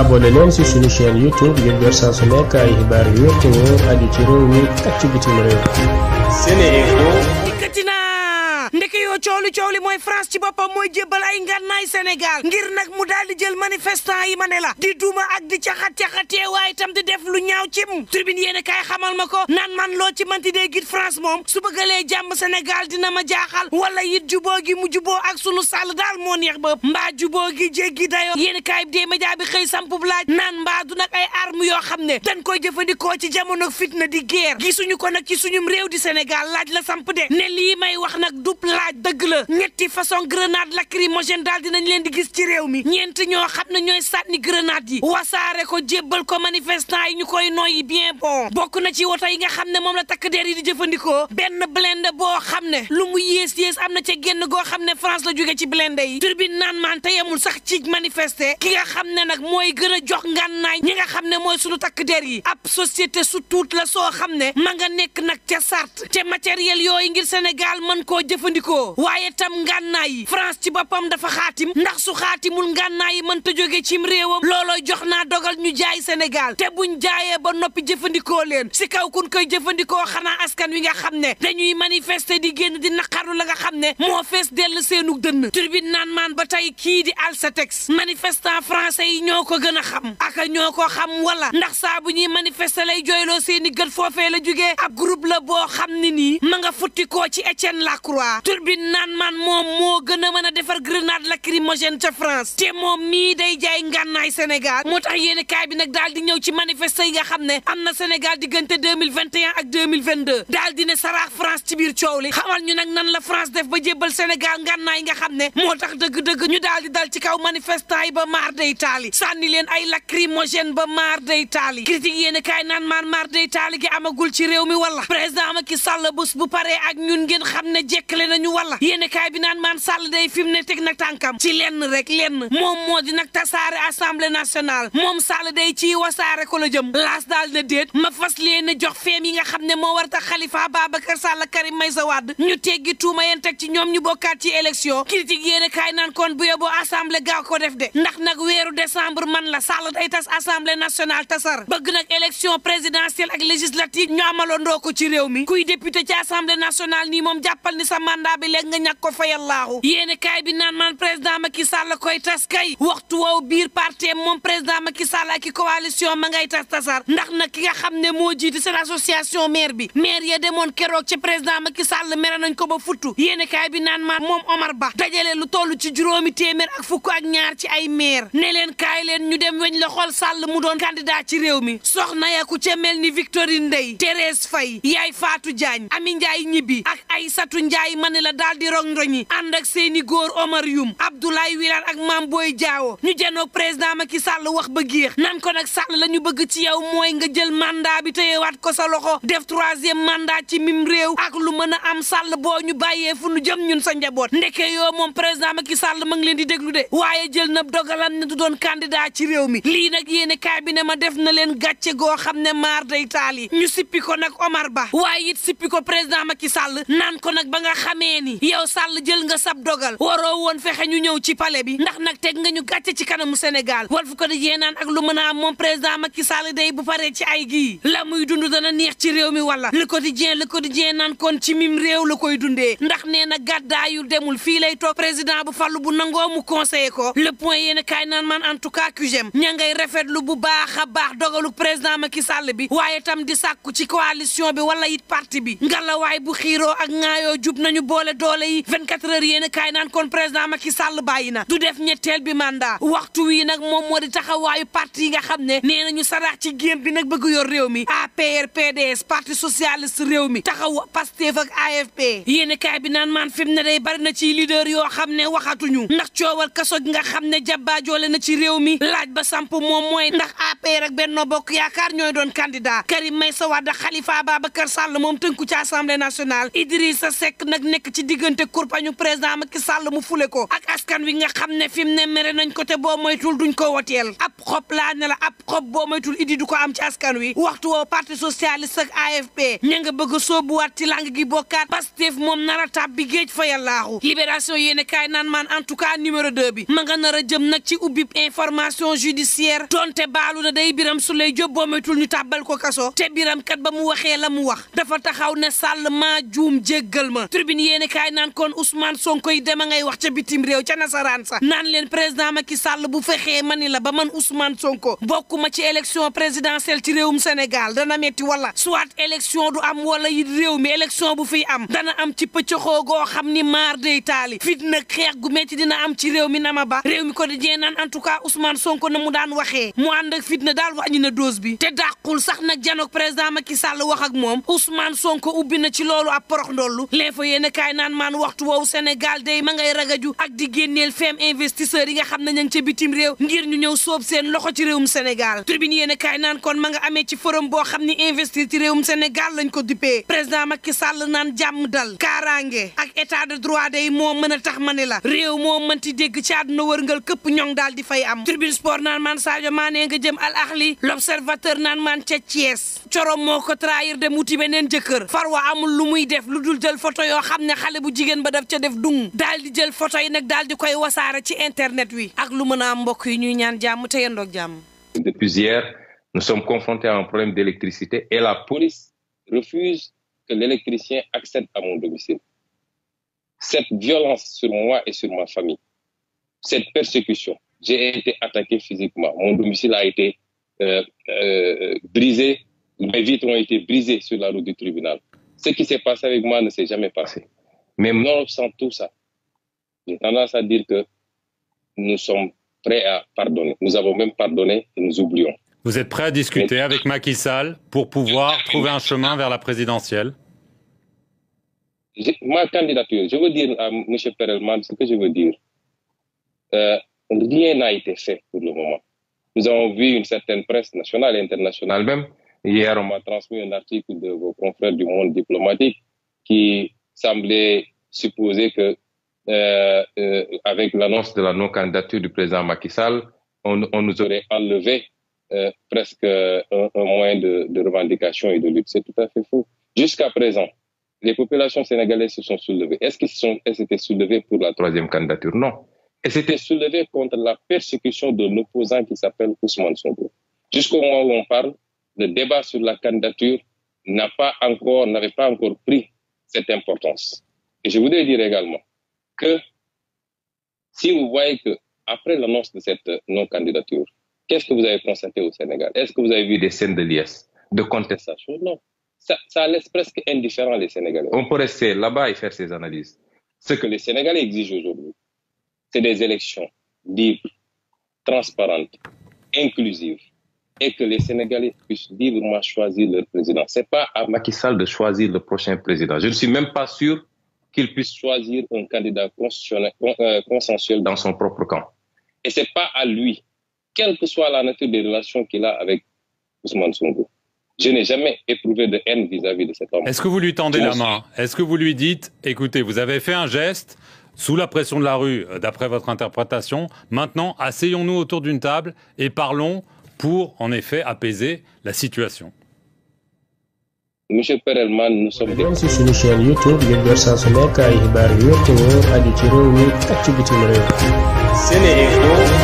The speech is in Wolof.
abonné leen ci suñu chaîne YouTube ngir jot saa su nekk ay xibaar yu wér te wóor aju ci réew mi ak ci bitim réew. coow li coow li mooy France ci boppam mooy jébbal ay ngànnaay Sénégal ngir nag mu daal di jël manifestant yi ma ne la di duma ak di caxat caxatee waaye itam di def lu ñaaw cim tribune yéen kaay xamal ma ko naan man loo ci manti de git France moom su bëggalee jàmm senegal dina ma jaaxal wala it juboo gi mu juboo ak sunu sàll daal moo neex ba mbaa juboo gi jéggi dayoo yéen kaay bi dee média bi xëy samp bu laaj naan mbaa du nag ay arme yoo xam ne dañ koy jëfandikoo ci jamono fitna di guerre gisuñu ko nag ci suñum réew di Sénégal laaj la samp de ne lii may wax nag dub laaj dëgg la ñetti façon grenade lacrymogène daal dinañ leen di gis ci réew mi ñeent ñoo xam ne ñooy sànni grenade yi wasaare ko jébbal ko manifestant yi ñu koy noyyi bien bon bokk na ci woto yi nga xam ne moom la takk der yi di jëfandikoo benn blindé boo xam ne lu mu yées yées am na ca génn goo xam ne France la jóge ci blindé yi turbine naan maan te yemul sax ci manifeste ki nga xam ne nag mooy gën a jox ngànnaay ñi nga ne mooy sunu takk der yi ab société su soo xam ne ma nekk nag ca sart te matériel yooyu ngir Sénégal man koo jëfandikoo waaye tam ngànnaay yi France ci boppam dafa xaatim ndax su xaatimul ngànnaay yi mënta jóge cim réewam loolooy jox naa dogal ñu jaay Sénégal Sénégal te buñ jaayee ba noppi jëfandikoo leen si kaw kun koy jëfandikoo xanaa askan wi nga xam ne dañuy manifester di génn di naqaru la nga xam ne moo fes dell seenu dënn turbine naan maan ba tey kii di Alsatex manifestant français yi ñoo ko gën a xam aka ñoo ko xam wala ndax saabu bu ñuy manifester lay jooyloo seeni gën foofee la jugee ab groupe la boo xam ne nii ma nga futti koo ci Etienne Lacroix turbine naan maan moom moo gën a mën a defar grenade lacrymogène ca France te moom mii day jaay ngànnaay Sénégal moo tax yéen kaay bi nag daal di ñëw ci manifeste yi nga xam ne am na Sénégal diggante vingt 2021 ak 2022 daal di ne saraax France ci biir coow li xamal ñu nag nan la France def ba jébbal Sénégal ngànnaay yi nga xam ne moo tax dëgg-dëgg ñu daal di dal ci kaw manifestant yi ba maar day taali sànni leen ay lacrymogène ba maar day taali critique yéen kaay naan maan maar day gi amagul ci réew mi wala président Macky Sall bés bu paree ak ñun ngeen xam ne jekkale nañu wala yéen kaay bi naan maan Sall day fi mu ne teg nag tànkam ci lenn rek lenn moom moo di nag tasaare assemblée nationale moom Sall day ci wasaare Daara ko la jëm laas daal na déet ma fas leen a jox feem nga xam ne moo war tax Khalifa Babacar Sall Karim Meïssa Wade ñu teggi tuuma yéen teg ci ñoom ñu bokkaat ci élection critique yéen a kaay naan kon bu yóbboo assemblée gaaw ko def de ndax nag weeru décembre man la Sall day tas assemblée nationale tasar bëgg nag élection présidentielle ak législative ñu amaloondoo ko ci réew mi kuy député ci assemblée nationale nii moom jàppal ni sa mandat bi léegi nga ñàkk ko fayal laaxu yéen bi naan man président Macky Sall koy tas kay waxtu woowu biir parti moom président Macky Sall ak coalition ma ngay tas tasaar ndax nag ki nga xam ne moo jiite seen association maire bi maire ya demoon keroog ci président Macky Sall mere nañ ko ba futtu yéen kaay bi naan ma moom Omar Ba dajale lu toll ci juróomi téeméer ak fukk ak ñaar ci ay maire ne leen kaay leen ñu dem weñ la xool Sall mu doon candidat ci réew mi soxna ya ku ca mel ni Victorine Ndeye Thérèse Faye Yaay faatu jaañ Ami Ndiaye ñibbi ak ay satu Ndiaye ma ne la daal di rongroñi ànd ak seeni góor Omar Youm Abdoulaye Wilane ak Mame Boye Diao ñu jënoog président Macky Sall wax ba géex nan ko nag ñu bëgg ci yow mooy nga jël mandat bi téyewaat ko sa loxo def troisième mandat ci mim réew ak lu mën a am sàll boo ñu bàyyee fu nu jëm ñun sa njaboot ndeke yoo moom président Macky Sall ma ngi leen di déglu de waaye jël na dogalam ne du doon candidat ci réew mi lii nag yéene kaay bi ne ma def na leen gàcce goo xam ne maar day taal ñu sippi ko nag Omar Ba waaye it sippi ko président Macky Sall naan ko nag ba nga xamee ni yow sàll jël nga sab dogal waroo woon fexe ñu ñëw ci pale bi ndax nag te nga ñu gàcce ci kanamu Sénégal wal fu ko di yéenaan ak lu mën a am moom président Macky Sall bu paree ci ay gii la muy dund dana neex ci réew mi wala le ko di quotidien nan kon ci mim réew la koy dundee ndax nee na gàddaayul demul fii lay toog président bu fallu bu nangoo mu conseiller ko le point yéen kaay naan man en tout cas QGM ña ngay rafetlu bu baax a baax dogalu président Macky Sall bi waaye tam di sàkku ci coalition bi wala it parti bi ngalawaay bu xiiroo ak ŋaayoo jub nañu boole doole yi 24 heures yéen kaay naan kon président Macky Sall bàyyi na du def ñetteel bi mandat waxtu wi nag moom moo di taxawaayu parti yi nga xam ne nañu saraax ci géem bi nag bëgg yor réew mi APR PDS parti socialiste réew mi taxaw Pastef ak AFP yéen kaay bi naan maan fi mu ne day bari na ci leader yoo xam ne waxatuñu ndax coowal kaso gi nga xam ne jabaajoole na ci réew mi laaj ba samp moom mooy ndax APR ak Benno Bokk Yaakaar ñooy doon may candidat Karim Meïssa Wade Khalifa Ababacar Sall moom tënku ci national nationale sa sekk nag nekk ci diggante kurpañu président Macky Sall mu fule ko ak askan wi nga xam ne fi mu ne mere nañ ko boo moytul duñ ko woteel ab xob laa la ab xob boo moytul idi du ko am ci askan wi waxtu parti socialiste ak AFP ña nga bëgg a sóobuwaat ci lang gi bokkaat Pastef moom nar a bi géej fa yàllaaxu libération yéene kaay naan maan en tout cas numéro 2 bi ma nga nar a jëm nag ci ubbi information judiciaire donte baalu na day biram su lay jóg ñu tàbbal ko kaso te biram kat ba mu waxee la mu wax dafa taxaw ne sall ma juum jéggal ma tribune yéene kaay naan kon Ousmane Sonko yi dema ngay wax ca bitim réew ca nasaraan sa naan leen président Macky Sall bu fexee ma ni la ba man Ousmane Sonko bokkuma ci ci élection présidentielle ci réewum Sénégal dana metti wala soit élection du am wala yi réew mi élection bu fiy am dana am ci pëccëxoo goo xam ni maar day taali fit nag xeex gu metti dina am ci réew mi nama ba réew mi ko di jee naan en tout cas Ousmane Sonko na mu daan waxee mu ànd ak fit na daal wàññi na dose bi te dàqul sax nag janook président Macky Sall wax ak moom Ousmane Sonko ubbi na ci loolu ab porox ndollu l'info yéen kaay naan maan waxtu woowu Sénégal day ma ngay ragaju ak di génneel feem investisseurs yi nga xam ne ña ngi ca bitim réew ngir ñu ñëw soob seen loxo ci réewum Sénégal tribune yéen a kaay naan kon ma nga amee ci forum boo xam ni investir ci réewum Sénégal lañ ko duppee président Macky Sall naan jàmm dal kaaraange ak état de droit day moo mën a tax ma ne la réew moo mënti dégg ci àdduna wërngal këpp ñoŋ daal di fay am tribune sport naan man Sadio Mané nga jëm Al Ahli l'observateur naan man ca Thiès corom moo ko trahir mu wuti neen jëkkër far farwa amul lu muy def lu dul jël photo yoo xam ne xale bu jigéen ba daf ca def dung daal di jël foto yi nag daal di koy wasaare ci internet wi ak lu mën a mbokk yi ñuy ñaan jàmm te yendoog jàmm Depuis hier, nous sommes confrontés à un problème d'électricité et la police refuse que l'électricien accède à mon domicile. Cette violence sur moi et sur ma famille, cette persécution, j'ai été attaqué physiquement. Mon domicile a été euh, euh, brisé, mes vitres ont été brisées sur la route du tribunal. Ce qui s'est passé avec moi ne s'est jamais passé. Mais nonobstant tout ça, j'ai tendance à dire que nous sommes prêts à pardonner. Vous êtes prêt à discuter avec Macky pour pouvoir trouver un chemin vers la présidentielle Ma candidature, je veux dire à M. Perelman ce que je veux dire. Euh, rien n'a été fait pour le moment. Nous avons vu une certaine presse nationale et internationale même. Hier, on m'a transmis un article de vos confrères du monde diplomatique qui semblait supposer que Euh, euh, avec l'annonce de la non-candidature du président Macky on, nous aurait enlevé euh, presque un, un moyen de, de, revendication et de lutte. C'est tout à fait faux. Jusqu'à présent, les populations sénégalaises se sont soulevées. Est-ce qu'ils pour la troisième candidature Non. Elles s'étaient soulevées contre la persécution de l'opposant qui s'appelle Ousmane Sonko. Jusqu'au moment où on parle, le débat sur la candidature n'a pas encore, que si vous voyez que après l'annonce de cette non-candidature, qu'est-ce que vous avez constaté au Sénégal Est-ce que vous avez vu des scènes de liesse, de contestation Non. Ça, ça presque indifférent les Sénégalais. On peut rester là-bas et faire ses analyses. Ce que les Sénégalais exigent aujourd'hui, c'est des élections libres, transparentes, inclusives, et que les Sénégalais puissent leur président. Ce pas à Macky de choisir le prochain qu'il puisse choisir un candidat euh, consensuel dans son propre camp. Et c'est pas à lui, quelle que soit la nature des relations qu'il a avec Ousmane Sonko. Je n'ai jamais éprouvé de haine Est-ce que vous lui tendez la main Est-ce que vous lui dites, écoutez, vous avez fait un geste sous la pression de la rue, euh, d'après votre interprétation, maintenant asseyons-nous autour d'une table et parlons pour, en effet, apaiser la situation monsieur Perel man nous sommes. dem si suñu chaîne YouTube ngir jot saa su nekk ay xibaar yu wér te wóor aju ci réew mi ak ci